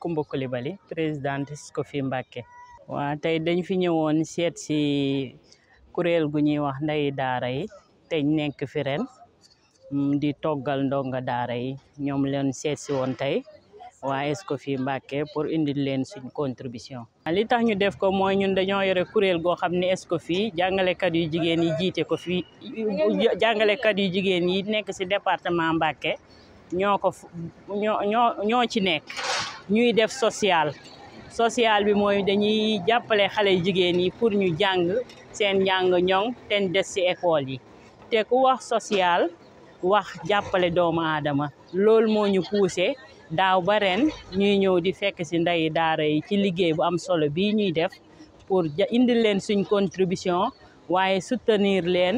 Kumba Coulibaly présidente SCOFI Mbacké wa tey dañ fi ñëwoon seet si kuréel gu ñuy wax ndeyu daara yi te nekk fi ren mm, di toggal ndongo daara yi ñoom leen seet si woon tey waa SCOFI Mbacké pour indil leen si contribution li tax ñu def ko mooy ñun dañoo yore kuréel goo xam ne SCOFI jàngalekat yu jigéen yi jiite ko fii jàngalekat yu jigéen yi nekk si département Mbacké ñoo ci nekk ñuy def social social bi mooy dañuy jàppale xale jigéen yi pour ñu jàng seen njàng ñoŋ te des ci école yi te ku wax social wax jàppale doomu aadama loolu moo ñu poussé daaw ba reen ñuy ñëw di fekk ci ndey daara yi ci liggéey bu am solo bii ñuy def pour indi leen suñ contribution waaye soutenir leen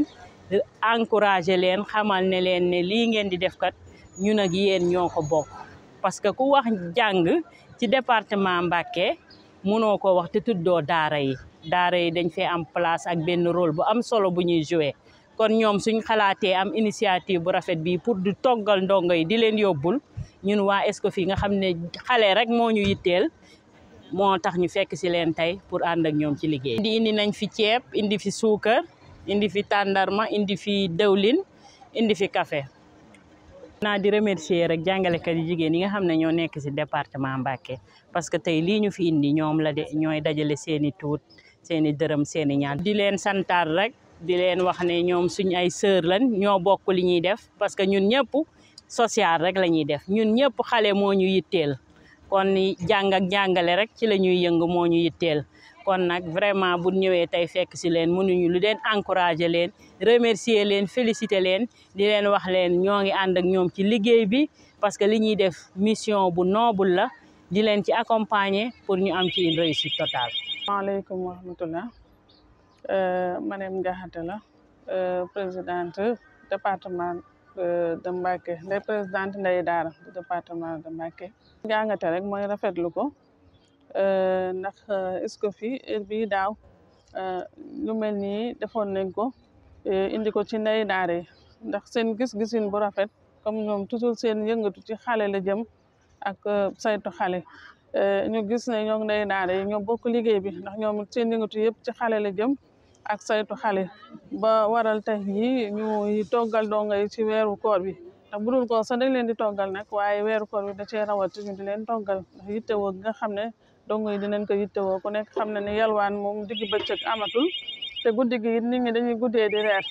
encourager leen xamal ne leen ne lii ngeen di def kat ñun ak yéen ñoo ko bokk parce que ku wax jàng ci département Mbacké mënoo ko wax te tuddoo daara yi daara yi dañ fee am place ak benn rôle bu am solo bu ñuy joué kon ñoom suñ xalaatee am initiative bu rafet bi pour du toggal ndongo yi di leen yóbbul ñun waa ESCOFI nga xam ne xale rek moo ñu yitteel moo tax ñu fekk si leen tey pour ànd ak ñoom ci liggéey di indi nañ fi ceeb indi fi suukar indi fi tàndarma indi fi dëwlin indi fi kafe naa di remercier rek jàngalekat yi jigéen yi nga xam ne ñoo nekk si département Mbacké parce que tey lii ñu fi indi ñoom la de ñooy dajale seeni i tuut seen i dërëm seen i ñaan di leen santaar rek di leen wax ne ñoom suñ ay sœur lañ ñoo bokk li ñuy def parce que ñun ñëpp social rek la ñuy def ñun ñëpp xale moo ñu yitteel kon jàng ak jàngale rek ci la ñuy yëngu moo ñu yitteel kon nag vraiment bu ñëwee tey fekk si leen mënuñu lu leen encourager leen remercier leen féliciter leen di leen wax leen ñoo ngi ànd ak ñoom ci liggéey bi parce que li ñuy def mission bu noobul la di leen ci accompagner pour ñu am ci une réussite totale. maaleykum wa rahmatullah euh, Marème Diakhaté la euh, présidente euh, département de Mbacké nday présidente nday daara département de Mbacké. jàngate rek mooy rafetlu ko. Euh, ndax euh, est-ce que fii heure bii daaw euh, lu mel nii defoon nañ ko indi ko ci ndey daara ndax seen gis-gisin bu rafet comme ñoom toujours seen yëngatu ci xale la jëm ak saytu xale ñu gis ne ñoom ndey daara yi ñoo bokk liggéey bi ndax ñoom seen yëngatu yëpp ci xale la jëm ak saytu xale ba waral tey yi ñu toggal donga yi ci weeru koor bi ndax bu dul ko sax leen di toggal nag waaye weeru koor bi da cee rawat ñu di leen toggal ndax yittewoo nga xam ne dongo yi dinañ ko yittewoo ku nekk xam na ne yalwaan moom diggi bëccëg amatul te gu gi nit ñi dañuy guddee di reer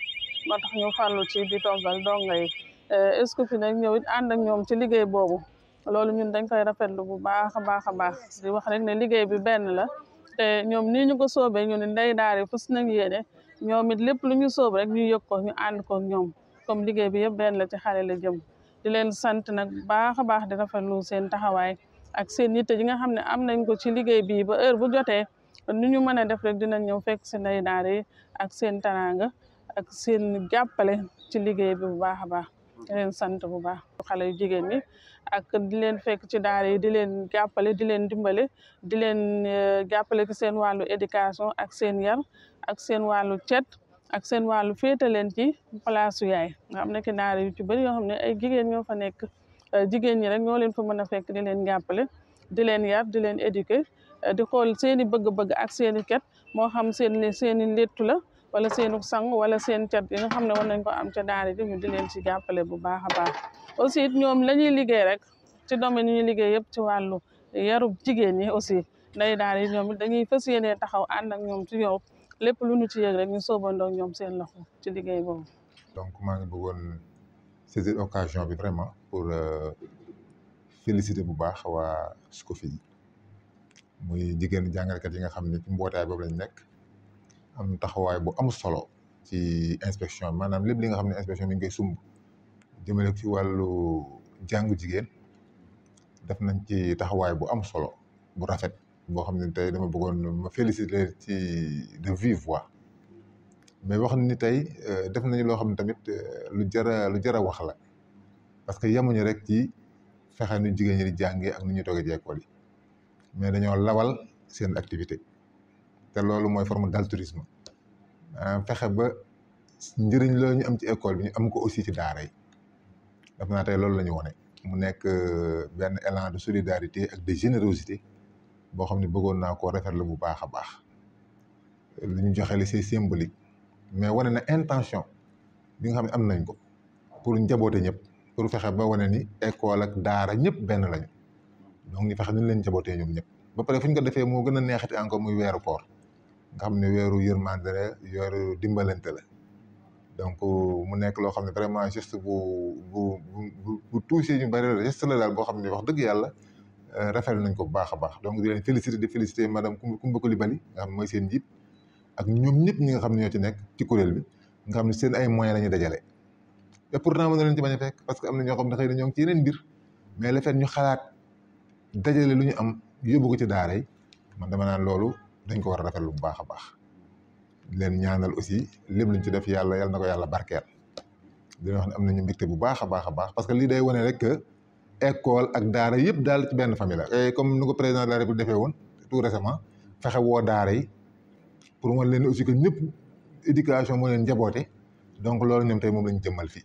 moo tax ñu fàllu ci di toggal dongo yi eh, est ce que fi nag ñëw it ànd ak ñoom ci liggéey boobu loolu ñun dañ koy rafet rafetlu bu baax a baax a baax di wax rek ne liggéey bi benn la te ñoom nii ñu ko soobee ñu ne ndey daari fës nañ yéene ñoom it lépp lu ñu soob rek ñu yëg ko ñu ànd ko ñoom comme liggéey bi yëpp benn la ci xale la jëm di leen sant nag baax a baax di rafetlu seen taxawaay ak seen yitte ji nga xam ne am nañ ko ci liggéey bi ba heure bu jotee nu ñu mën a def rek dinañ ñëw fekk seen ndey daara ak seen taraanga ak seen jàppale ci liggéey bi bu baax a baax leen sant bu baax xale yu jigéen ñi ak di leen fekk ci daara yi di leen jàppale di leen dimbale di leen eh, jàppale ci seen wàllu éducation ak seen yar ak seen wàllu cet ak seen wàllu féete leen ci place yaay nga xam ne ki daara ci bëri xam ne ay jigéen ñoo fa nekk Euh, jigéen ñi rek ñoo leen fa mën a fekk di leen jàppale di leen yar di leen éduquer euh, di xool seeni i bëgg ak seen i ket moo xam seen seen i léttu la wala seenu sang wala seen cat yi nga xam ne war nañ ko am ca daara ji di leen ci jàppale bu baax a baax aussi ñoom la ñuy liggéey rek ci domaine yi liggéey yëpp ci wàllu yarub jigéen ñi aussi nday daara yi ñoom it dañuy fas yéenee taxaw ànd ak ñoom ci yow lépp lu ñu ci yëg rek ñu sóobandoo ñoom seen loxo ci liggéey boobu donc maa ngi bëggoon saisir occasion bi vraiment pour euh, féliciter bu baax waa SCOFI muy jigéen jàngalekat yi nga xam ne ci mbootaay boobu lañ nekk am taxawaay bu am solo ci inspection maanaam lépp li nga xam ne inspection bi ñu koy sumb jëmale ci wàllu jàngu jigéen def nañ ci taxawaay bu am solo bu rafet boo xam ne tey dama bëggoon ma féliciter ci de vive voix mais wax ni tey euh, def nañ loo xam ne tamit euh, lu jara lu jara waxla parce que yemuñu rek ci fexe nu jigéen ñi di jàngee ak nu ñuy toogee ci école yi mais dañoo lawal seen activité te loolu mooy forme d'altruisme ah, fexe ba njëriñ la ñu am ci école bi ñu am ko aussi ci daara yi daf naa tey loolu la ñu wone mu nekk euh, benn élan de solidarité ak de générosité boo xam ne bëggoon naa koo rafetlu bu baax a baax li ñu joxe li c'est symbolique mais wane na intention bi nga xam ne am nañ ko pour njaboote ñëpp. pour fexe ba wane ni école ak daara ñëpp benn lañu donc ñu fexe ñu leen jabootee ñoom ñëpp ba pare fu ñu ko defee moo gën a neexati encore muy weeru koor nga xam ne weeru yërmande la weeru dimbalante la donc mu nekk loo xam ne vraiment geste bu bu bu bu touché ñu bëri la geste la daal boo xam ne wax dëgg yàlla euh, rafetlu nañ ko bu baax a baax donc di leen féliciter di féliciter madame Coumba Coulibaly nga xam ne mooy seen njiit ak ñoom ñëpp nga xam ne ñoo ci nekk ci kuréel bi nga xam seen ay moyens la ñu dajale. te pourtant mën na leen ci bañ a fekk parce que am na ñoo ci yeneen mbir mais le fait ñu xalaat dajale lu ñu am yóbbu ko ci daara ma man naan loolu dañ ko war a rafetlu bu baax a baax leen ñaanal aussi lépp luñ ci def yàlla yàlla na ko yàlla barkeel dina wax ne am nañu mbégte bu baax a baax a baax parce que lii day wane rek que école ak daara yëpp daal ci benn famille comme nu ko président de la république defee woon tout récemment fexe woo daara yi pour wan leen aussi que ñëpp éducation moo leen njaboote donc loolu ñoom tey moom la ñu fii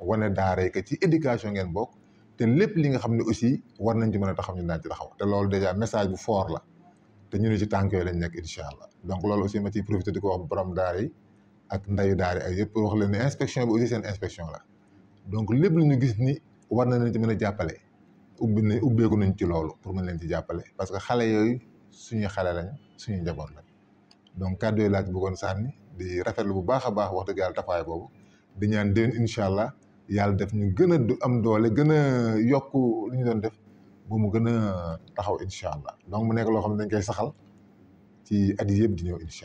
wane daaray que ci éducation ngeen book te lép li nga xam ne aussi war nañ ci mën a taxaw ñu daan ci te loolu déjà message bu foor la te ñu ne ci tànk yooyu lañ nekk allah donc loolu aussi ma ciy ko wax borom daara ak ndayu daara yi ak yëpp wax leen inspection bi aussi seen inspection la donc lépp lu ñu gis ni war na leen ci mën a jàppale u na ubbeeku nañ ci loolu pour mën leen ci jàppale parce que xale yooyu suñu xale lañ suñu njaboot lañ donc kàddu yooyu laa ci bëggoon sànni di rafetlu bu baax a baax wax dëgg yàlla taxawaay boobu di ñaan déwén incha yàlla def ñu gën a am doole gën a yokk li ñu doon def ba mu gën a taxaw incha allah donc mu nekk loo xam ne dañ koy saxal ci at yii yëpp di ñëw incha allah.